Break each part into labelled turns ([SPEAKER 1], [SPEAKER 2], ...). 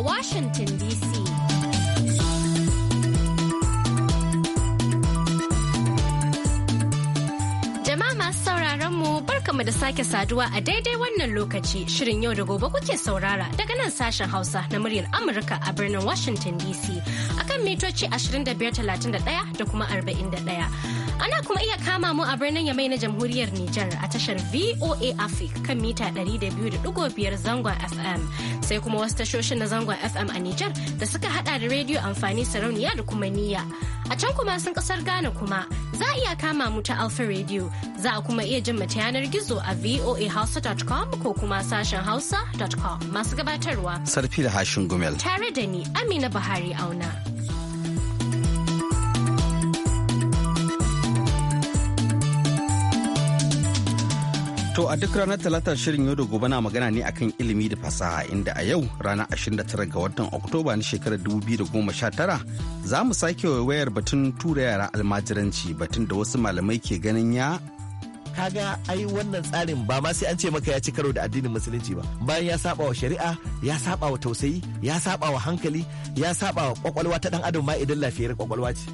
[SPEAKER 1] a Washington DC. Jama'a masu sauraron mu barkamu da sake saduwa a daidai wannan lokaci shirin yau da gobe kuke saurara daga nan sashen Hausa na muryar Amurka a birnin Washington DC akan mitoci 2531 da kuma 41. Ana kuma iya kama mu a birnin Yamai na Jamhuriyar Nijar a tashar VOA Africa kan mita 200.5 zangon FM sai kuma wasu tashoshin na zangon FM a Nijar da suka hada da rediyo amfani sarauniya da kuma niyya. A can kuma sun kasar Ghana kuma za a iya kama mu ta Alfa rediyo za a kuma iya jin mata yanar gizo a voahausa.com ko kuma sashen hausa.com masu gabatarwa.
[SPEAKER 2] Sarfila Hashin Gumel.
[SPEAKER 1] Tare da ni Amina Buhari Auna.
[SPEAKER 2] To a duk ranar talata shirin yau da gobe na magana ne akan ilimi da fasaha inda a yau ranar 29 ga watan Oktoba na shekarar 2019 za mu sake wayar batun tura yara almajiranci batun da wasu malamai ke ganin ya
[SPEAKER 3] kaga ai wannan tsarin ba ma sai an ce maka ya ci karo da addinin
[SPEAKER 2] musulunci ba bayan ya saba wa shari'a
[SPEAKER 3] ya saba wa tausayi ya saba wa hankali ya saba wa kwakwalwa ta dan adam ma idan lafiyar kwakwalwa ce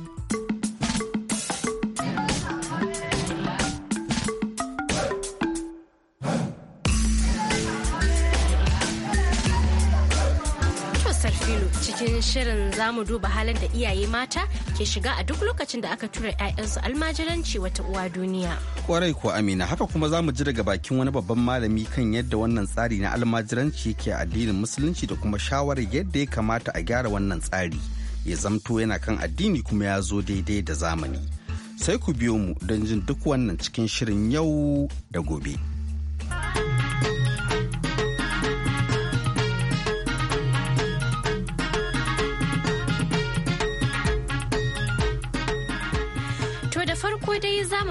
[SPEAKER 1] cikin shirin zamu duba halin da iyaye mata ke shiga a duk lokacin da aka tura 'ya'yansu almajiranci wata uwa duniya.
[SPEAKER 2] Kwarai ko Amina haka kuma zamu ji daga bakin wani babban malami kan yadda wannan tsari na almajiranci ke addinin musulunci da kuma shawarar yadda ya kamata a gyara wannan tsari ya zamto yana kan addini kuma ya zo daidai da zamani. Sai ku biyo mu don jin duk wannan cikin shirin yau da gobe.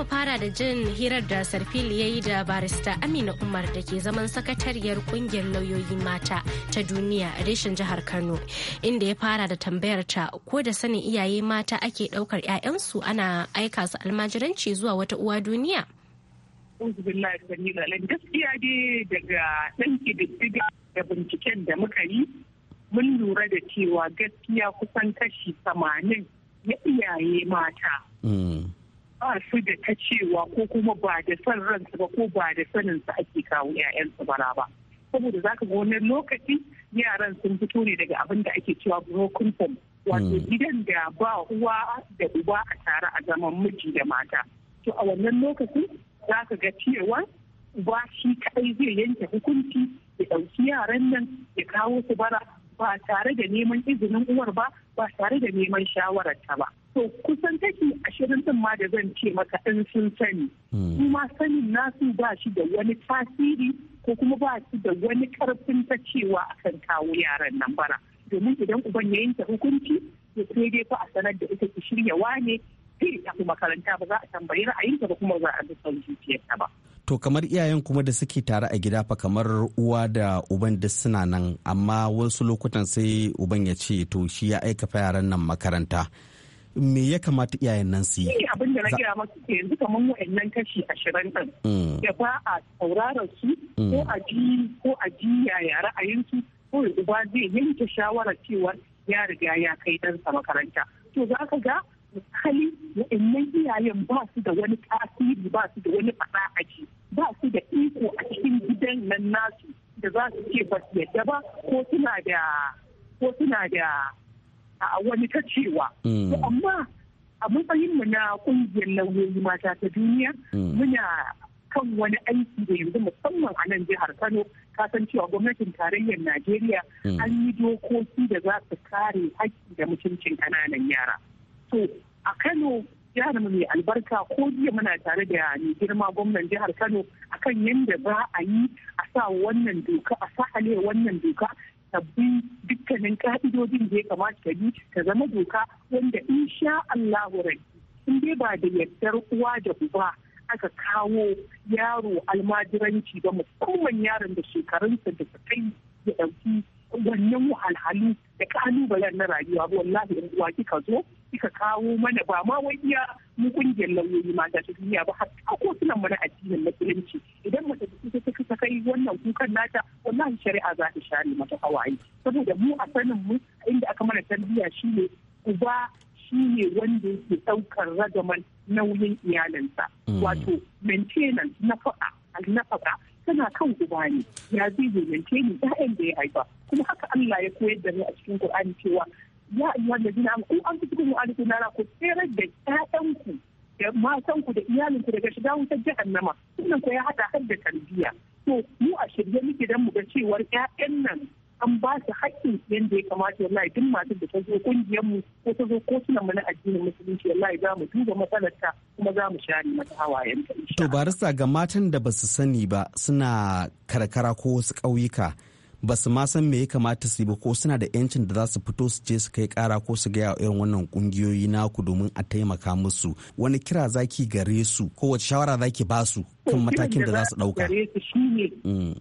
[SPEAKER 1] fara da jin hirar da sarfil ya yi da barista amina umar da ke zaman sakatariyar kungiyar lauyoyi mata ta duniya a reshen jihar kano inda ya fara da tambayar ta ko da sanin iyaye mata ake daukar 'ya'yansu ana aika su almajiranci zuwa wata uwa duniya
[SPEAKER 4] gaskiya dai daga ɗan kididdiga da binciken da muka yi mun lura da cewa gaskiya kusan kashi 80 na iyaye mata mm. ba su da ta cewa ko kuma ba da son ransu ba ko ba da sanin su ake kawo 'ya'yansu bara ba saboda za ka ga wani lokaci yaran sun fito ne daga abin da ake cewa broken home wato hmm. gidan da ba uwa da uba a tare a zaman miji da mata to a wannan lokacin za ka ga cewa uba shi kaɗai zai yanke hukunci ya ɗauki yaran nan ya kawo su bara ba tare da neman izinin uwar ba ba tare da neman shawararta ba to kusan kashi ashirin din ma da zan ce maka in sun sani hmm. kuma sanin nasu ba shi da wani tasiri ko kuma ba shi da wani karfin ta cewa akan kawo yaran nan bara domin idan uban ya yanke hukunci ya sai dai fa a sanar da ita ki shirya wane sai ta makaranta ba za a tambayi ra'ayinta ba kuma za a bi son ta
[SPEAKER 2] ba to kamar iyayen kuma da suke tare a gida fa kamar uwa da uban da suna nan amma wasu lokutan sai uban ya ce to shi ya aika fa yaran nan makaranta me ya kamata iyayen nan su yi abin da na gaya maka
[SPEAKER 4] yanzu kamar wa'annan kashi ashirin din ya hmm. ba a sauraron su hmm. ko a ji ko a ji yaya ra'ayinsu ko uba zai yanke shawarar cewa ya riga ya kai ɗansa makaranta to za ka ga hali wa'annan iyayen ba su da wani tasiri ba su da wani faɗa a ji ba su da iko a cikin gidan nan nasu da za su ce ba su yadda ba ko suna da a wani ta cewa. Mm. Amma a matsayin mu na kungiyar lauyoyi mata ta duniya mm. muna kan wani aiki da yanzu musamman a nan jihar Kano kasan cewa gwamnatin tarayyar Najeriya mm. an yi dokoki da za su kare haƙƙi da mutuncin ƙananan yara. To a Kano jihar mu mai albarka ko jiya muna tare da mai girma gwamnan jihar Kano akan yadda za a yi a sa wannan doka a sa wannan doka sabbin dukkanin ka'idodin da ya kamata ka bi ka zama doka wanda in sha rai in dai ba da yardar uwa da uba aka kawo yaro almajiranci ba musamman yaron da shekarunsa da ta kai ya ɗauki wannan wahalhalu da kalubalen na rayuwa ba wallahi in uwa kika zo kika kawo mana ba ma wai iya mu kungiyar lauyoyi ma ta duniya ba har ko kotunan mu na addinin musulunci idan mace ta ta ta kai wannan kukan nata wallahi shari'a za ta share mata hawaye saboda mu a sanin mu inda aka mana tarbiyya shine uba ne wanda yake daukar ragaman nauyin iyalinsa hmm. wato maintenance na faɗa na faɗa tana kan uba ne ya zai zumunce ni ƴaƴan da ya haifa kuma haka Allah ya koyar da ni a cikin Qur'ani cewa ya ayyuhan ladina amanu an fi mu aliku nara ku tsere da ƴaƴanku da matanku da iyalinku daga shiga wutar jahannama wannan ko ya haɗa har da tarbiyya to mu a shirye muke dan mu ga cewar ƴaƴan nan an ba su haƙƙi yadda ya kamata lai duk masu da ta zo kungiyar mu ko ta zo ko suna mana addinin musulunci wallahi za mu duba matsalar ta kuma za mu share mata hawayen ta
[SPEAKER 2] to barista ga matan da basu sani ba suna karkara ko wasu ƙauyuka ba su ma san me ya kamata su yi ba ko suna da yancin da za su fito su je su kai kara ko su gaya irin wannan kungiyoyi naku domin a taimaka musu wani kira zaki gare su ko wace shawara zaki ba su kan matakin da za su dauka gare su mm.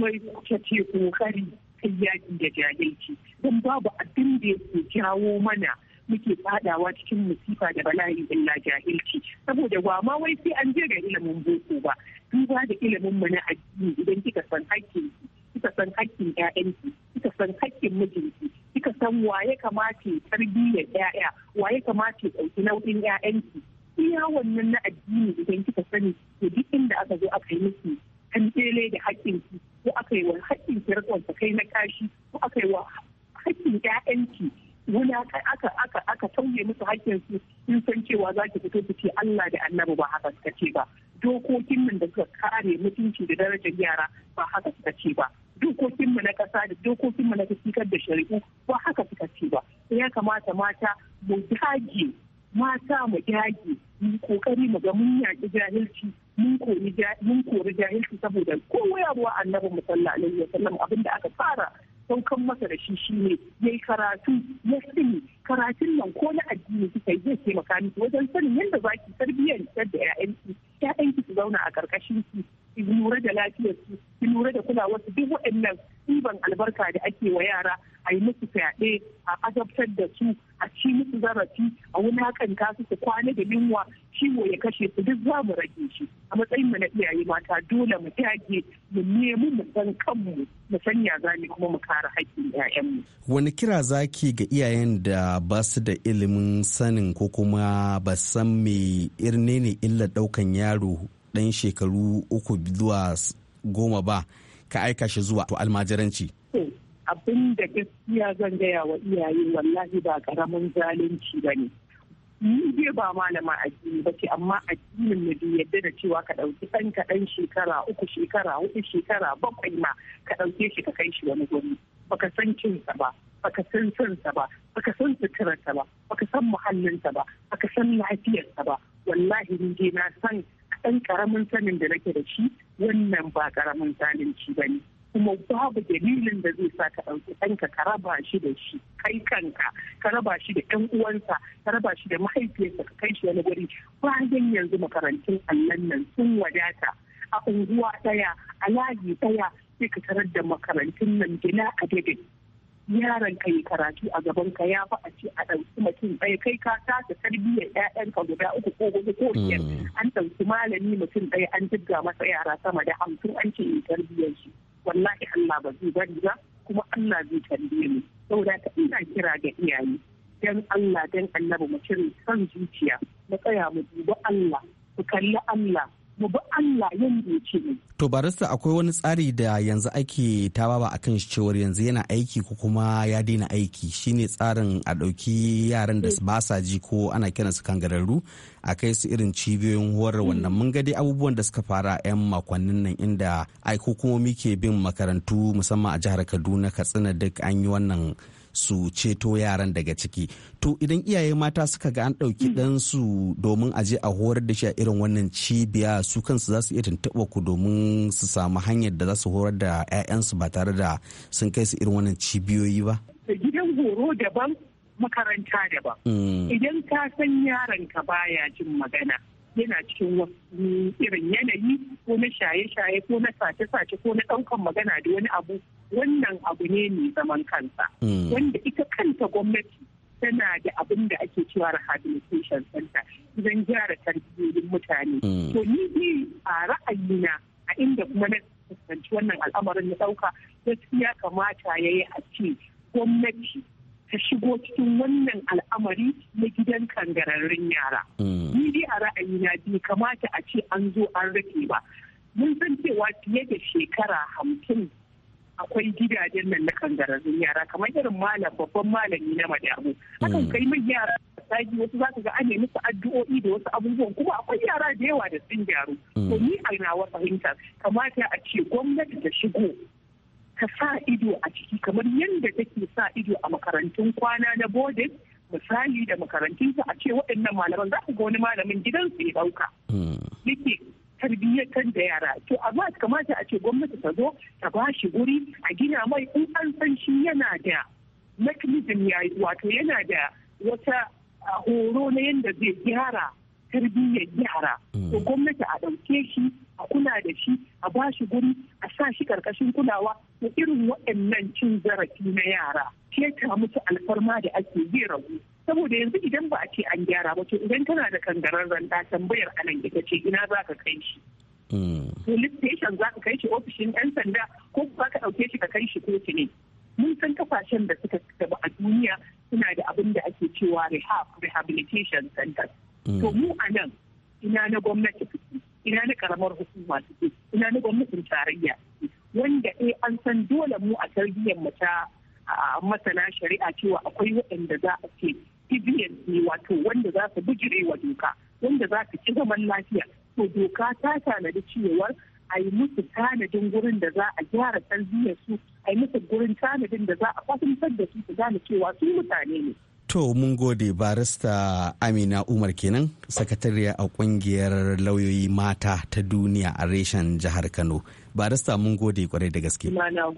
[SPEAKER 4] mai kuke ce kokari yaƙi da jahilci don babu abin da ke jawo mana muke fadawa cikin musifa da bala'i illa jahilci saboda wa ma wai sai an je ga ilimin boko ba duba da ilimin mu na addini idan kika san hakkin kika san hakkin ƴaƴanki kika san hakkin mijinki kika san waye kamata tarbiyyar ƴaƴa waye kamata ɗauki nau'in ƴaƴanki iya wannan na addini idan kika sani to duk inda aka zo aka yi miki an da hakkinki ko aka yi wa haƙƙin kirkonsa kai na kashi ko aka yi wa haƙƙin ƴaƴanki wani aka aka aka tauye musu haƙƙinsu in san cewa za ki fito ki Allah da Annabi ba haka suka ce ba dokokin nan da suka kare mutunci da darajar yara ba haka suka ce ba dokokin mu na ƙasa da dokokin mu na tafiyar da shari'u ba haka suka ce ba ya kamata mata mu dage mata mu dage mu kokari mu ga mun yaƙi jahilci mun kori jahilci saboda kowa ya ruwa annabi musalla alaihi wasallam abinda aka fara kan masa da shi shi shine yayi karatu ya sani karatun nan ko na addini yi zai taimaka miki wajen sanin yadda za ki tarbiyyar da 'yayanki ya'yanki su zauna a ƙarƙashin ki ki lura da lafiyar ki lura da kulawar duk waɗannan ɗiban albarka da ake wa yara a yi musu fyaɗe a azabtar da su a ci musu zarafi a wani hakan su su kwana da yunwa ciwo ya kashe su duk za mu rage shi a matsayin mu na iyaye mata dole mu dage mu nemi mu san kanmu mu sanya zani kuma mu kare haƙƙin ƴaƴanmu.
[SPEAKER 2] wani kira zaki ga iyayen da ba su da ilimin sanin ko kuma ba san me irne ne illar ɗaukan yaro ɗan shekaru uku zuwa goma ba ka aika shi zuwa to almajiranci.
[SPEAKER 4] abin da gaskiya zan gaya wa iyaye wallahi ba karamin zalunci ba ne ni dai ba malama addini ba ce amma addinin mu bai yadda da cewa ka ɗauki ɗan kaɗan shekara uku shekara huɗu shekara bakwai ma ka ɗauke shi ka kai shi wani Ba baka san cinsa ba baka san sansa ba baka san suturarsa ba baka san muhallinsa ba baka san lafiyarsa ba wallahi ni dai na san ɗan karamin sanin da nake da shi wannan ba karamin zalunci ba ne. kuma babu dalilin da zai sa ka ɗauki ɗanka ka raba shi da shi kai kanka ka raba shi da ɗan uwansa ka raba shi da mahaifiyarsa ka kai shi wani guri bayan yanzu makarantun allon nan sun wadata a unguwa ɗaya a layi ɗaya sai ka tarar da makarantun nan gina a dade yaron ka yi karatu a gaban ka ya a ce a ɗauki mutum ɗaya kai ka tasa tarbiyyar ya'yanka guda uku ko huɗu ko biyar mm. an ɗauki malami mutum ɗaya an jirga masa yara sama da hamsin an ce yi tarbiyyar shi wallahi Allah ba zai bari ba kuma Allah zai tambaye mu saboda ta ina kira ga iyaye dan Allah dan annabi mu cire son zuciya mu tsaya mu duba Allah mu kalli Allah mu bi Allah yanda ya ce
[SPEAKER 2] to barista akwai wani tsari da yanzu ake ba akan shi cewar yanzu yana aiki ko kuma ya daina aiki shine tsarin a ɗauki yaran da ba sa ji ko ana kiran su kangararru a kai su irin cibiyoyin horar mm. wannan mun ga dai abubuwan da suka fara 'yan makonnin nan inda ai hukumomi ke bin makarantu musamman a jihar kaduna katsina duk an yi wannan su ceto yaran daga ciki to idan iyaye mata suka ga an ɗauki mm. ɗansu domin aje a horar da shi a irin wannan cibiya su kansu za su iya tuntuɓa ku domin su samu hanyar da za su horar da 'ya'yansu ba tare da sun kai su irin wannan cibiyoyi ba
[SPEAKER 4] gidan horo daban makaranta daban mm. idan ka san yaron ka baya jin magana yana cikin wani irin yanayi ko na shaye-shaye ko na sace-sace ko na ɗaukan magana da wani abu wannan abu ne mai zaman kansa hmm. wanda ita kanta gwamnati tana da abin da ake cewa rehabilitation center idan gyara tarbiyyoyin mutane hmm. to ni bi a ra'ayina a inda kuma na fuskanci wannan al'amarin na ɗauka gaskiya kamata ya yi a ce gwamnati ka shigo cikin wannan al'amari na gidan kangararrun yara. Hmm. Ni dai a ra'ayina bai kamata a ce an zo an rake ba. Mun san cewa fiye da shekara hamsin akwai gidajen nan na kangararrun yara kamar irin malam babban malami na madamu. Hakan hmm. kai min yara daji wasu za ka ga an musu addu'o'i da wasu abubuwan kuma akwai yara da yawa da sun gyaru. Hmm. To ni a nawa fahimta kamata a ce gwamnati ta shigo ta sa ido a ciki kamar yadda take sa ido a makarantun kwana na bodin misali da makarantun a ce waɗannan malaman za ku ga wani malamin su ya ɗauka. Yake tarbiyyatar da yara to amma kamata a ce gwamnati ta zo ta ba shi guri a gina mai in an san shi yana da mechanism ya wato yana da wata horo na yadda zai gyara tarbiyyar yara mm. to gwamnati a ɗauke shi a kula da shi a ba shi guri a sa shi ƙarƙashin kulawa da irin waɗannan cin zarafi na yara ta musu alfarma da ake zai ragu saboda yanzu idan ba a ce an gyara ba to idan tana da kangararren da tambayar anan ita ce ina za ka kai shi police mm. station za ka kai shi ofishin ɗan sanda ko za ka ɗauke shi ka kai shi kotu ne mun san kafashen da suka ba a duniya suna da abin da ake cewa rehab rehabilitation centers To mm. mu a nan ina na gwamnati ina na karamar hukuma ina na gwamnatin tarayya wanda eh an san dole mu a tarbiyyar mu ta masana shari'a cewa akwai waɗanda za a ce ibiyan ne wato wanda za su bijire wa doka wanda za su ci zaman lafiya to doka ta tanadi cewa a yi musu tanadin gurin da za a gyara tarbiyyar su a yi musu gurin tanadin da za a kwatantar da su su gane cewa su mutane ne
[SPEAKER 2] To mun gode barista Amina Umar kenan sakatariya a kungiyar lauyoyi mata ta duniya a reshen jihar Kano. Barista mun gode kwarai da gaske.
[SPEAKER 4] Ma na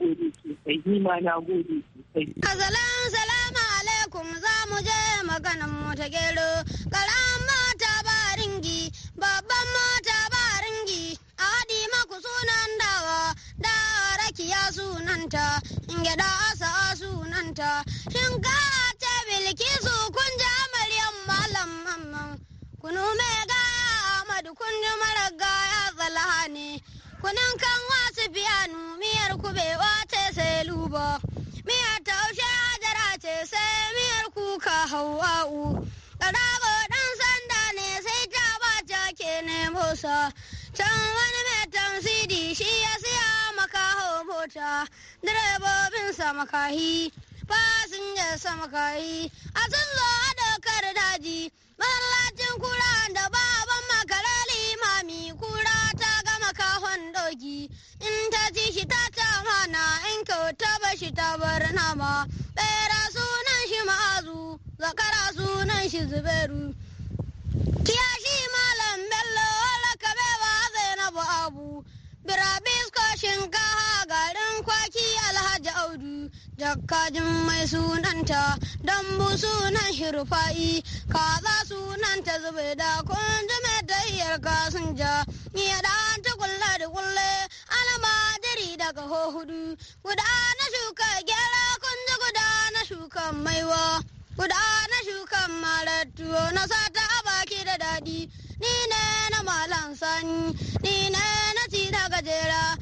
[SPEAKER 5] salamu alaikum za mu je maganan mu ta gero. Karan mata ba ringi, babban mata ba ringi. A haɗi maku sunan dawa, da rakiya sunanta, in gyaɗa asa sunanta. Shin bilkisu kun ji amaryan malam mamman kunu mai ga amadu kun ji marar gaya zalaha ne kunin kan wasu biyanu miyar kubewa ce sai luba miyar taushe hajara ce sai miyar kuka hawa'u ƙarago ɗan sanda ne sai ta ba ta ke nemo sa can wani mai tamsidi shi ya siya makaho mota direbobinsa makahi fasinja sama kai a sun zo a dokar daji masallacin kura da baban makara limami kura ta gama kahon doki in ta ci shi ta ta mana in kyauta ba shi ta bar nama bera sunan shi ma'azu zakara sunan shi zubairu kiyashi malam bello wala kabewa zainabu abu bira Jakajin mai sunanta, dambu sunan hirfa'i, kaza sunanta zube kun ji mai dayyar kasinja, iya da ta kulle da kulle, almadiri daga hudu, guda na shuka gyara kun ji guda na shuka maiwa. Guda na shuka malattuwa na sata a baki da daɗi, ni ne na malan sani, ni ne na ci daga gajera,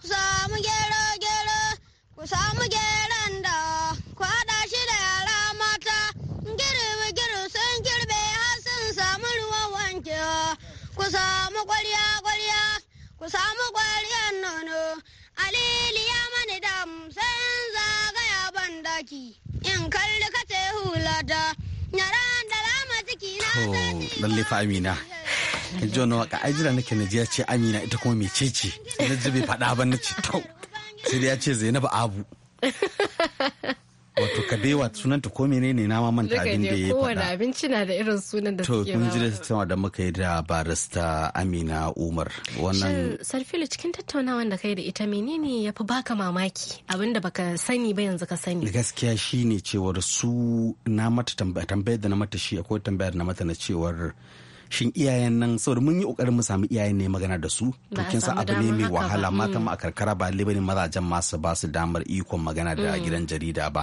[SPEAKER 5] ku samu gero gero ku samu geron da Ku haɗa shi da yara mata girbi girbi sun girbe har sun samu ruwan wankewa ku samu kwarya kwarya ku samu kwaryan nono alili ya mani dam sai in zagaya ban daki in kalli ka kace hulata na ran da rama ciki na
[SPEAKER 2] oh, lalle fa amina John ji wani waka ai jira nake naji ya ce amina ita kuma mecece ce na ji bai faɗa ba na ce sai da ya ce Zainab abu wato sunan sunanta ko menene na ma manta abin da ya faɗa kowane
[SPEAKER 1] abinci na da irin sunan da suke to kun ji da
[SPEAKER 2] tattaunawa da muka yi da barista Amina Umar wannan
[SPEAKER 1] Sarfilu cikin tattaunawa da kai da ita menene ya fi baka mamaki abinda baka sani ba yanzu ka sani
[SPEAKER 2] gaskiya shine cewar su na mata tambayar da na mata shi akwai tambayar na mata na cewar shin iyayen nan saboda mun yi kokarin mu samu iyayen ne magana da su to kin san abu ne mai wahala mata ma mm. a karkara ba lalle mazajen ma su ba su damar ikon magana da mm. gidan jarida ba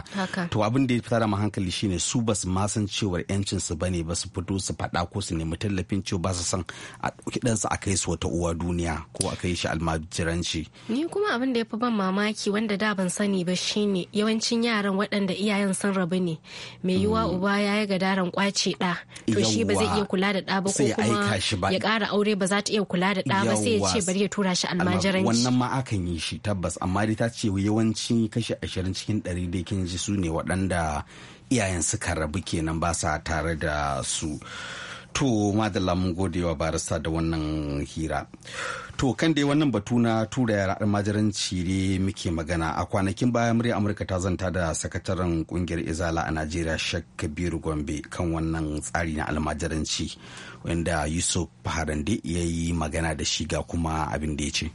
[SPEAKER 2] to abin da ya fitar da hankali shine su ba su ma san cewar yancin su bane ba su fito su faɗa ko su nemi tallafin cewa ba su san a ɗauki dan su a kai su wata uwa duniya ko a kai shi almajiranci
[SPEAKER 1] ni kuma abin da ya fi ban mamaki wanda da ban sani ba shine yawancin yaran waɗanda iyayen sun rabu ne mai yiwa mm. uba ya yi gadaran kwace ɗa to shi ba zai iya kula da ɗa ba sai ya aika shi ba ya ƙara aure ba za ta iya kula da ɗa ba sai ya ce bari ya tura shi almajiranci wannan
[SPEAKER 2] ma akan yi shi tabbas amma dai ta ce yawanci kashi ashirin cikin ɗari dai kin ji su ne waɗanda iyayen suka rabu kenan ba sa tare da su to madalla mun gode wa barista da wannan hira To kan dai wannan batu na tura yara almajiranci ne muke magana a kwanakin baya murya Amurka ta zanta da sakataren kungiyar Izala a Najeriya Shek Kabiru Gombe kan wannan tsari na almajiranci wanda Yusuf Faharande ya yi magana da shi ga kuma abin da ya ce.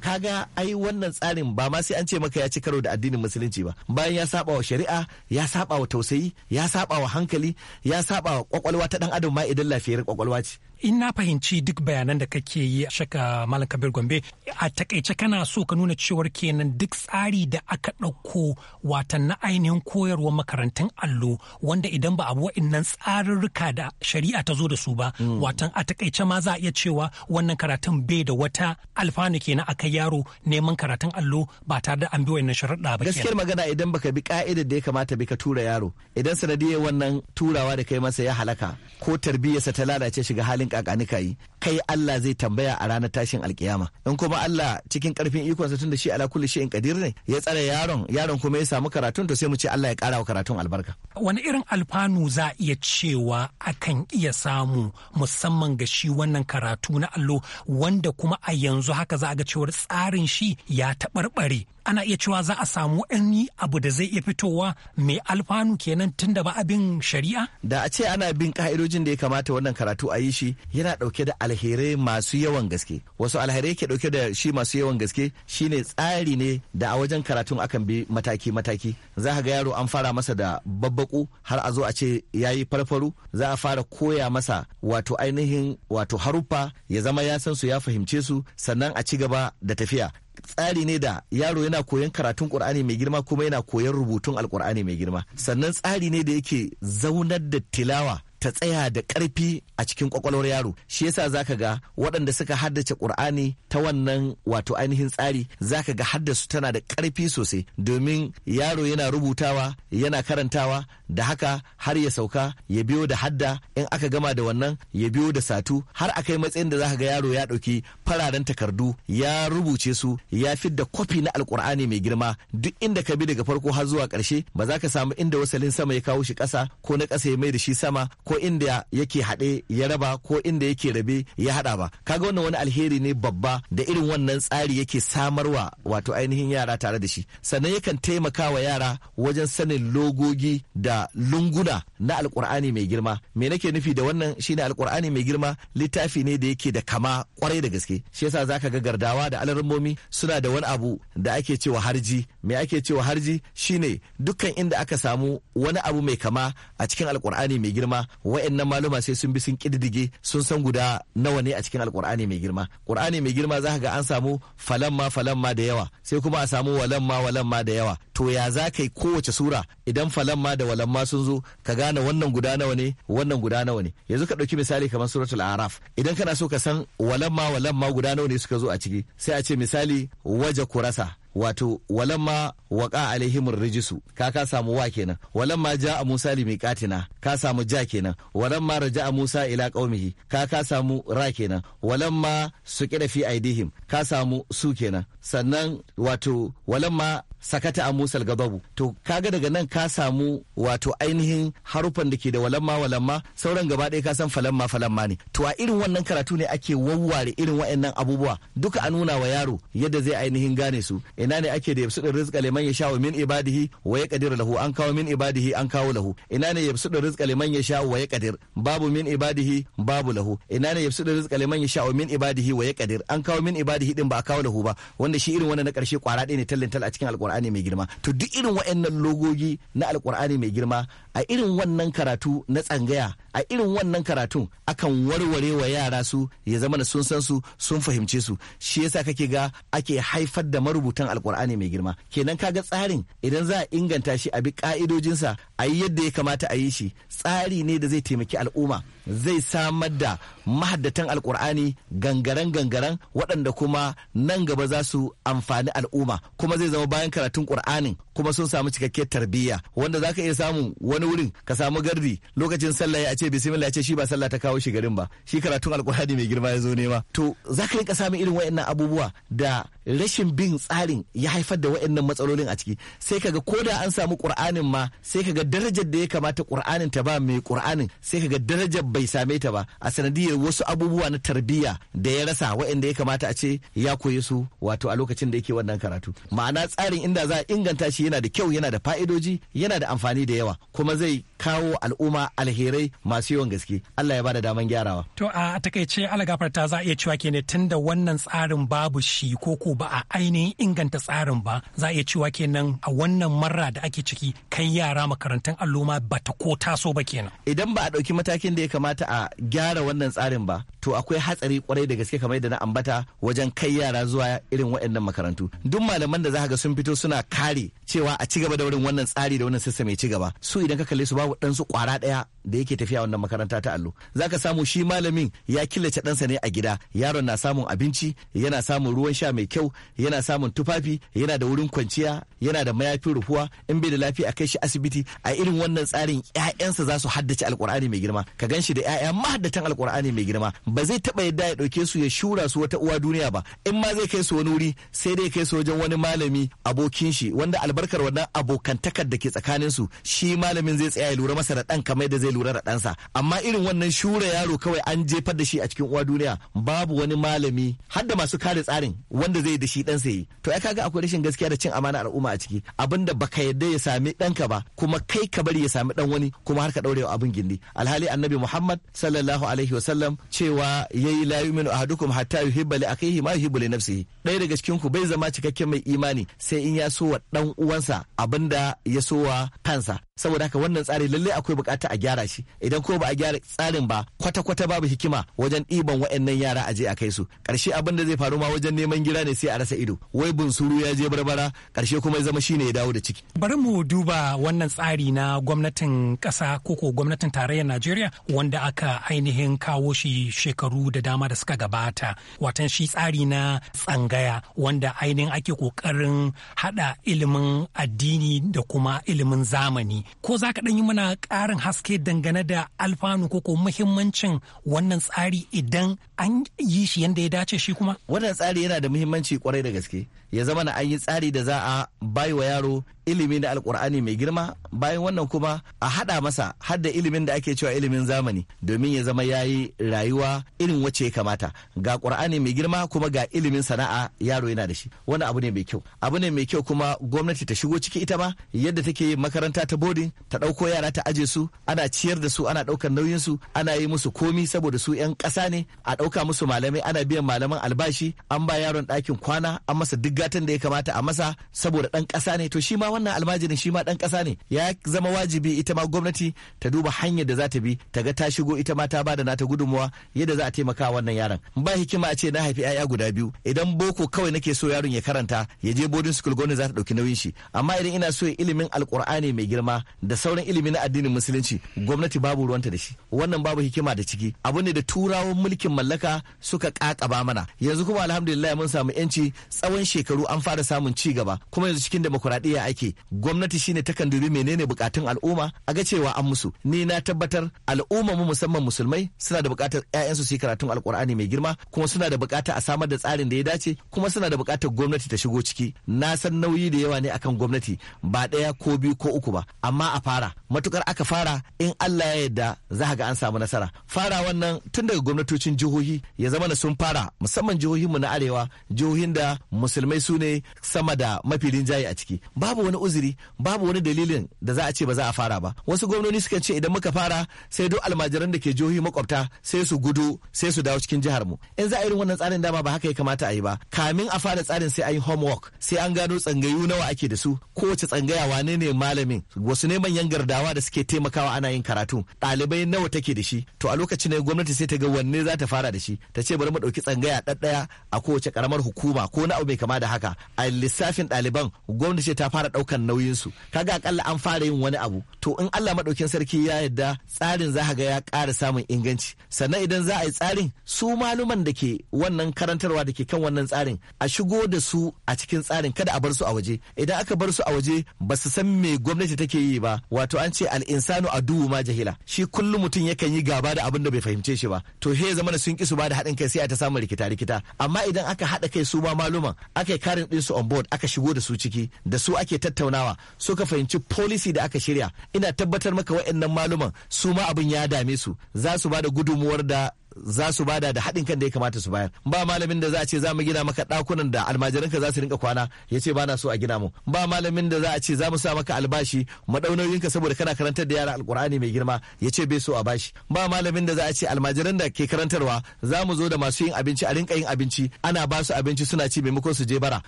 [SPEAKER 2] kaga ai wannan tsarin ba ma sai an ce maka ya ci karo
[SPEAKER 3] da addinin musulunci ba bayan ya saba wa shari'a ya saba wa tausayi ya saba wa hankali ya saba wa kwakwalwa ta dan adam ma idan lafiyar kwakwalwa ce
[SPEAKER 6] in na fahimci duk bayanan da kake yi a shaka malam kabir gombe a takaice kana so ka nuna cewar kenan duk tsari da aka ɗauko watan na ainihin koyarwar makarantun allo wanda idan ba abu wa'innan tsarurruka da shari'a ta zo da su ba hmm. watan a takaice ma za a iya cewa wannan karatun bai da wata alfanu kenan aka yaro neman karatun allo ba tare da an bi wannan sharaɗa ba gaskiyar
[SPEAKER 3] magana idan baka bi ka'idar da ya kamata bi ka tura yaro idan sanadiyar wannan turawa da kai masa ya halaka ko tarbiyyarsa ta lalace shiga halin kakani kayi kai Allah zai tambaya a ranar tashin alkiyama in kuma Allah cikin karfin sa tun da shi ala kulli in qadir ne ya tsare yaron yaron kuma ya samu karatun to sai mu ce Allah ya kara wa karatun albarka
[SPEAKER 6] wani irin alfanu za iya cewa akan iya samu musamman ga shi wannan karatu na allo wanda kuma a yanzu haka za a ga cewar tsarin shi ya taɓarɓare ana iya cewa za a samu ɗani abu da zai iya fitowa mai alfanu kenan tun da ba a bin shari'a?
[SPEAKER 3] Da a ce ana bin ka'idojin da ya kamata wannan karatu a yi shi yana dauke da alherai masu yawan gaske wasu alherai ke dauke da shi masu yawan gaske shine tsari ne da a wajen karatun akan bi mataki mataki za a ga yaro an fara masa da babbaku har a zo a ce yayi farfaru za a fara koya masa wato ainihin wato haruffa ya zama ya san su ya fahimce su sannan a ci gaba da tafiya tsari ne da yaro yana koyon karatun qur'ani mai girma kuma yana koyon rubutun alqur'ani mai girma sannan tsari ne da yake zaunar da tilawa ta tsaya da ƙarfi a cikin kwakwalwar yaro shi yasa zaka ga waɗanda suka haddace ƙur'ani ta wannan wato ainihin tsari za ka ga haddasu tana da ƙarfi sosai domin yaro yana rubutawa yana karantawa da haka har ya sauka ya biyo da hadda in aka gama da wannan ya biyo da satu har a kai matsayin da zaka ga yaro ya ɗauki fararen takardu ya rubuce su ya fidda kwafi na alƙur'ani mai girma duk inda ka bi daga farko har zuwa ƙarshe ba za ka samu inda wasalin sama ya kawo shi ƙasa ko na ƙasa ya mai da shi sama ko ko inda yake haɗe ya raba ko inda yake rabe ya haɗa ba kaga wannan wani alheri ne babba da irin wannan tsari yake samarwa wato ainihin yara tare da shi sannan yakan taimaka wa yara wajen sanin logogi da lunguna na alkur'ani mai girma me nake nufi da wannan shine alkur'ani mai girma littafi ne da yake da kama kwarai da gaske shi yasa zaka ga gardawa da alarmomi suna da wani abu da ake cewa harji me ake cewa harji shine dukkan inda aka samu wani abu mai kama a cikin alkur'ani mai girma wa'annan maluma sai sun bi sun kididdige sun san guda nawa ne a cikin alkur'ani mai girma qur'ani mai girma za ga an samu falamma falamma da yawa sai kuma a samu walamma walamma da yawa to ya za ka yi kowace sura idan falan ma da walan ma sun zo ka gane wannan guda nawa ne wannan guda nawa ne yanzu ka ɗauki misali kamar suratul araf idan kana so ka san walan ma walan ma guda nawa ne suka zo a ciki sai a ce misali waje kurasa wato walamma waƙa alaihimin rijisu ka ka samu wa kenan walamma ja a musa limiƙatina ka samu ja kenan walamma raja a musa ila ƙaumihi ka ka samu ra kenan walamma su fi aidihim ka samu su kenan sannan wato walamma sakata a musal gababu to kaga daga nan ka samu wato ainihin harufan da ke da walamma walamma sauran gaba ɗaya ka san falamma falamma ne to a irin wannan karatu ne ake wawware irin wa'annan abubuwa duka a nuna wa yaro yadda zai ainihin gane su ina ne ake da yabsudu rizqa liman yasha wa min ibadihi wa yaqdir lahu an kawo min ibadihi an kawo lahu ina ne yabsudu rizqa liman yasha wa yaqdir babu min ibadihi babu lahu ina ne yabsudu rizqa liman yasha wa min ibadihi wa yaqdir an kawo min ibadihi din ba a kawo lahu ba wanda shi irin wannan na karshe kwara ɗaya ne tal a cikin alƙur'ani alkur'ani mai girma to duk irin wa'annan logogi na alkur'ani mai girma a irin wannan karatu na tsangaya a irin wannan karatun akan warware wa yara su ya zama da sun san su sun fahimce su shi yasa kake ga ake haifar da marubutan alkur'ani mai girma kenan kaga tsarin idan za a inganta shi a bi ka'idojinsa a yi yadda ya kamata a yi shi tsari ne da zai taimaki al'umma zai samar da mahaddatan alkur'ani gangaren gangaren waɗanda kuma nan gaba za su amfani al'umma kuma zai zama bayan karatu karatun Qur'anin kuma sun samu cikakkiyar tarbiyya wanda zaka iya samu wani wurin ka samu gardi lokacin sallah ya ce bismillah ya ce shi ba sallah ta kawo shi garin ba shi karatun alkur'ani mai girma ya zo nema to zaka rinka samun irin waɗannan abubuwa da rashin bin tsarin ya haifar da waɗannan matsalolin a ciki sai kaga ko da an samu qur'anin ma sai kaga darajar da ya kamata qur'anin ta ba mai qur'anin sai kaga darajar bai same ta ba a sanadiyar wasu abubuwa na tarbiyya da ya rasa waɗanda ya kamata a ce ya koyi su wato a lokacin da yake wannan karatu ma'ana tsarin inda za a inganta shi yana da kyau yana da fa'idoji yana da amfani da yawa kuma zai kawo al'umma alherai masu yawan gaske Allah ya bada daman gyarawa
[SPEAKER 6] to a takaice alagafarta za a iya cewa kenan tunda wannan tsarin babu shi ko ba a ainihin inganta tsarin ba za a iya cewa kenan a wannan marra da ake ciki kan yara makarantun allo ba ta ko taso ba kenan
[SPEAKER 3] idan ba a ɗauki matakin da ya kamata a gyara wannan tsarin ba to akwai hatsari kwarai da gaske kamar yadda na ambata wajen kai yara zuwa irin waɗannan makarantu duk malaman da za ga sun fito suna kare cewa a ci gaba da wurin wannan tsari da wannan sassa mai ci gaba su idan ka kalle su babu ɗansu kwara ɗaya da yake tafiya wannan makaranta ta allo za ka samu shi malamin ya killace ɗansa ne a gida yaron na samun abinci yana samun ruwan sha mai kyau kyau yana samun tufafi yana da wurin kwanciya yana da mayafin rufuwa in bai da lafiya a kai shi asibiti a irin wannan tsarin ƴaƴansa za su haddace alkur'ani mai girma ka ganshi da ƴaƴa mahaddatan alkur'ani mai girma ba zai taɓa yadda ya ɗauke su ya shura su wata uwa duniya ba in ma zai kai su wani wuri sai dai kai su wajen wani malami abokin shi wanda albarkar wannan abokantakar da ke tsakanin su shi malamin zai tsaya ya lura masa da ɗan kamar da zai lura da ɗansa amma irin wannan shura yaro kawai an jefar da shi a cikin uwa duniya babu wani malami har da masu kare tsarin wanda zai zai da shi dan sai to ai kaga akwai rashin gaskiya da cin amana al'umma a ciki abinda baka yarda ya sami danka ba kuma kai ka bari ya sami dan wani kuma har ka daure abin gindi alhali annabi muhammad sallallahu alaihi wasallam cewa yayi la yu'minu ahadukum hatta yuhibba li akhihi ma yuhibbu li nafsihi ɗaya daga cikin ku bai zama cikakken mai imani sai in ya so wa dan uwansa abinda ya so wa kansa saboda haka wannan tsari lalle akwai bukata a gyara shi idan ko ba a gyara tsarin ba kwata kwata babu hikima wajen ɗiban waɗannan yara a je a kai su karshe abin da zai faru ma wajen neman gida ne sai a rasa ido wai bunsuru ya je barbara karshe kuma ya zama shine ya dawo da ciki
[SPEAKER 6] bari mu duba wannan tsari na gwamnatin ƙasa ko gwamnatin tarayyar Najeriya wanda aka ainihin kawo shi shekaru da dama da suka gabata watan shi tsari na tsangaya wanda ainihin ake kokarin hada ilimin addini da kuma ilimin zamani ko za ka ɗan yi mana ƙarin haske dangane da alfanu ko ko muhimmancin wannan tsari idan an yi shi yadda ya dace shi kuma
[SPEAKER 3] wannan tsari yana da muhimmanci kwarai da gaske ya zama na an yi tsari da za a bayi wa yaro ilimi na alkur'ani mai girma bayan wannan kuma a haɗa masa har da ilimin da ake cewa ilimin zamani domin ya zama ya yi rayuwa irin wacce ya kamata ga ƙur'ani mai girma kuma ga ilimin sana'a yaro yana da shi wannan abu ne mai kyau abu ne mai kyau kuma gwamnati ta shigo ciki ita ma yadda take yin makaranta ta boarding ta ɗauko yara ta aje su ana ciyar da su ana ɗaukar nauyin su ana yi musu komi saboda su 'yan ƙasa ne a ɗauka musu malamai ana biyan malaman albashi an ba yaron dakin kwana an masa duk bukatun da ya kamata a masa saboda ɗan kasa ne to shi ma wannan almajirin shi ma dan kasa ne ya zama wajibi ita ma gwamnati ta duba hanyar da za ta bi ta ga ta shigo ita ma ta bada nata gudunmuwa yadda za a taimaka wannan yaron ba hikima a ce na haifi 'ya'ya guda biyu idan boko kawai nake so yaron ya karanta ya je boarding school gwamnati za ta ɗauki nauyin shi amma idan ina so ilimin alkur'ani mai girma da sauran ilimi na addinin musulunci gwamnati babu ruwanta da shi wannan babu hikima da ciki abu ne da turawan mulkin mallaka suka kakaba mana yanzu kuma alhamdulillah mun samu yanci tsawon shekaru shekaru an fara samun ci gaba kuma yanzu cikin demokuraɗiyya ake gwamnati shine takan dubi menene bukatun al'umma a ga cewa an musu ni na tabbatar al'umma mu musamman musulmai suna da bukatar ƴaƴansu su yi karatun alkur'ani mai girma kuma suna da bukata a samar da tsarin da ya dace kuma suna da bukatar gwamnati ta shigo ciki na san nauyi da yawa ne akan gwamnati ba ɗaya ko biyu ko uku ba amma a fara matukar aka fara in Allah ya yarda za ga an samu nasara fara wannan tun daga gwamnatocin jihohi ya zama na sun fara musamman jihohinmu na arewa jihohin da musulmai malamai su ne sama da mafi rinjaye a ciki babu wani uzuri babu wani dalilin da za a ce ba za a fara ba wasu gwamnoni suka ce idan muka fara sai duk almajiran da ke jihohi makwabta sai su gudu sai su dawo cikin jihar mu in za a irin wannan tsarin dama ba haka ya kamata a yi ba kamin a fara tsarin sai an yi homework sai an gano tsangayu nawa ake da su kowace tsangaya wane ne malamin wasu ne manyan gardawa da suke taimakawa ana yin karatu ɗalibai nawa take da shi to a lokacin ne gwamnati sai ta ga wanne za ta fara da shi ta ce bari mu ɗauki tsangaya ɗaɗɗaya a kowace karamar hukuma ko na abu mai kama da haka a lissafin ɗaliban gwamnati ta fara ɗaukan nauyinsu kaga akalla an fara yin wani abu to in Allah maɗaukin sarki ya yadda tsarin za ga ya ƙara samun inganci sannan idan za a yi tsarin su maluman da ke wannan karantarwa da ke kan wannan tsarin a shigo da su a cikin tsarin kada a bar su a waje idan aka bar su a waje ba su san me gwamnati take yi ba wato an ce al'insanu a duhu ma jahila shi kullum mutum yakan yi gaba da abin da bai fahimce shi ba to he zama sun Kisu su ba da haɗin kai sai a ta samun rikita rikita amma idan aka haɗa kai su ma maluman aka ake karin ɗinsu on board aka shigo da su ciki da su ake tattaunawa ka fahimci policy da aka shirya ina tabbatar maka wa'annan maluman su ma abin ya dame su za su ba da gudunmuwar da za su bada da haɗin kan da ya kamata su bayar ba malamin da za a ce za mu gina maka ɗakunan da almajiranka za su rinka kwana ya ce bana so a gina mu ba malamin da za a ce za mu sa maka albashi mu ka saboda kana karantar da yara alkur'ani mai girma ya ce bai so a bashi ba malamin da za a ce almajiran da ke karantarwa za mu zo da masu yin abinci a rinka yin abinci ana ba su abinci suna ci maimakon su je bara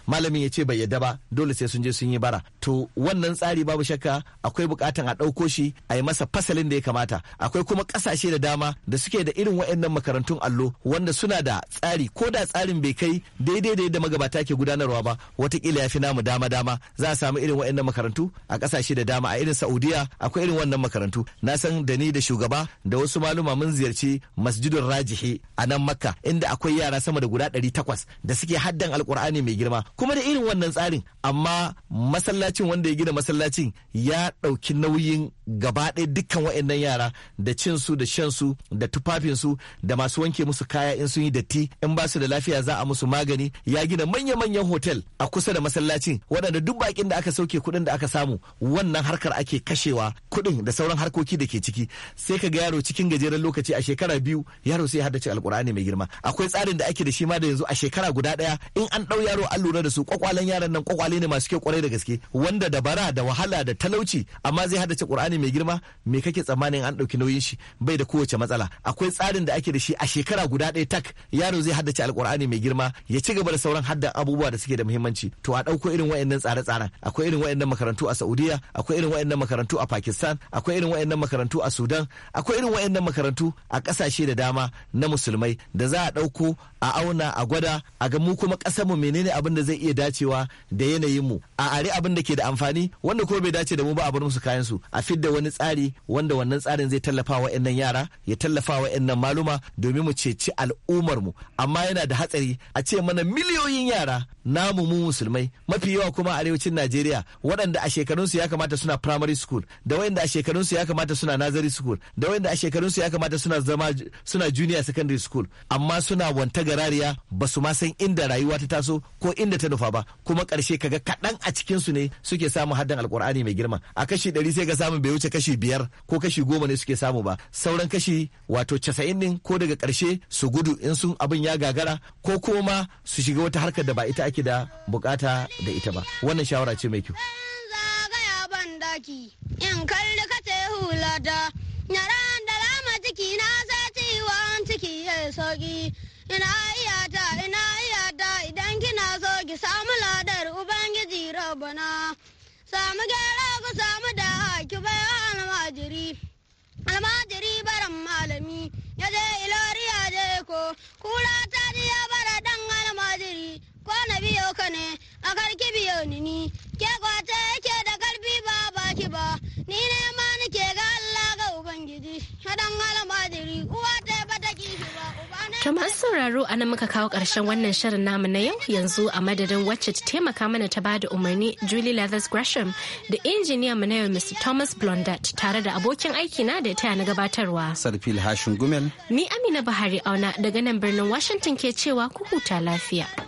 [SPEAKER 3] malamin ya ce bai yadda ba dole sai sun je sun yi bara to wannan tsari babu shakka akwai bukatan a ɗauko shi a yi masa fasalin da ya kamata akwai kuma ƙasashe da dama da suke da irin waɗannan makarantun allo wanda suna da tsari ko da tsarin bai kai daidai da yadda magabata ke gudanarwa ba watakila ya fi namu dama dama za a samu irin wa'annan makarantu a kasashe da dama a irin saudiya akwai irin wannan makarantu na san da ni da shugaba da wasu maluma mun ziyarci masjidun rajihi a nan makka inda akwai yara sama da guda ɗari takwas da suke haddan alkur'ani mai girma kuma da irin wannan tsarin amma masallacin wanda ya gina masallacin ya ɗauki nauyin gaba ɗaya dukkan wa'annan yara da cinsu da shansu da tufafinsu da masu wanke musu kaya in sun yi datti in ba su da lafiya za a musu magani ya gina manya-manyan hotel a kusa da masallacin waɗanda duk bakin da aka sauke kuɗin da aka samu wannan harkar ake kashewa kuɗin da sauran harkoki da ke ciki sai ka ga yaro cikin gajeren lokaci a shekara biyu yaro sai ya haddace alkur'ani mai girma akwai tsarin da ake da shi ma da yanzu a shekara guda ɗaya in an ɗau yaro an lura da su kwakwalen yaran nan kwakwale ne masu kyau kwarai da gaske wanda da bara da wahala da talauci amma zai haddace qur'ani mai girma me kake tsammanin an ɗauki nauyin shi bai da kowace matsala akwai tsarin da ake da shi a shekara guda ɗaya tak yaro zai haddace alkur'ani mai girma ya ci gaba da sauran haddan abubuwa da suke da muhimmanci to a ɗauko irin wa'annan tsare-tsaren akwai irin wa'annan makarantu a Saudiya akwai irin wa'annan makarantu a Pakistan akwai irin wa'annan makarantu a Sudan akwai irin wayannan makarantu a ƙasashe da dama na musulmai da za a ɗauko a auna a gwada a ga mu kuma ƙasarmu menene abin da zai iya dacewa da yanayin mu a are abin da ke da amfani wanda ko bai dace da mu ba a bar musu kayan su a fidda wani tsari wanda wannan tsarin zai tallafa wa yara ya tallafa wa maluma domin mu ceci al'ummar mu amma yana da hatsari a ce mana miliyoyin yara namu mu musulmai mafi yawa kuma arewacin Najeriya waɗanda a shekarun su ya kamata suna primary school da waɗanda a shekarun su ya kamata suna nursery school da waɗanda a shekarun ya kamata suna zama suna junior secondary school amma suna wanta garariya ba su ma san inda rayuwa ta taso ko inda ta nufa ba kuma ƙarshe kaga kaɗan a cikin su ne suke samu haddan alkur'ani mai girma a kashi ɗari sai ga samun bai wuce kashi biyar ko kashi goma ne suke samu ba sauran kashi wato casa'in ɗin ko daga ƙarshe su gudu in sun abin ya gagara ko kuma su shiga wata harkar da ba ita ake da bukata da ita ba wannan shawara ce mai kyau
[SPEAKER 5] daki in kalli ka ce hulata na ran da lama ciki na sai ciwon ciki ya sauki ina ta ina ta idan kina so ki samu ladar ubangiji rabbana samu gyara ku samu da ki bai almajiri almajiri barin malami ya je ilori ya je ko kula ta ji ya bara dan almajiri ko na biyo ka ne a karki biyo ni ni ke kwata yake da karfi ba baki ba ni ne ma nike ga Allah ga ubangiji dan almajiri uwa
[SPEAKER 1] To masu sauraro a nan muka kawo ƙarshen wannan shirin namu na yau yanzu a madadin wacce ta taimaka mana ta bada umarni Julie Leathers Gresham da injiniyan mu na yau Mr. Thomas Blondat tare da abokin aiki na da taya na gabatarwa.
[SPEAKER 2] Sarfil Hashin Gumel.
[SPEAKER 1] Ni Amina Buhari auna daga nan birnin Washington ke cewa ku huta lafiya.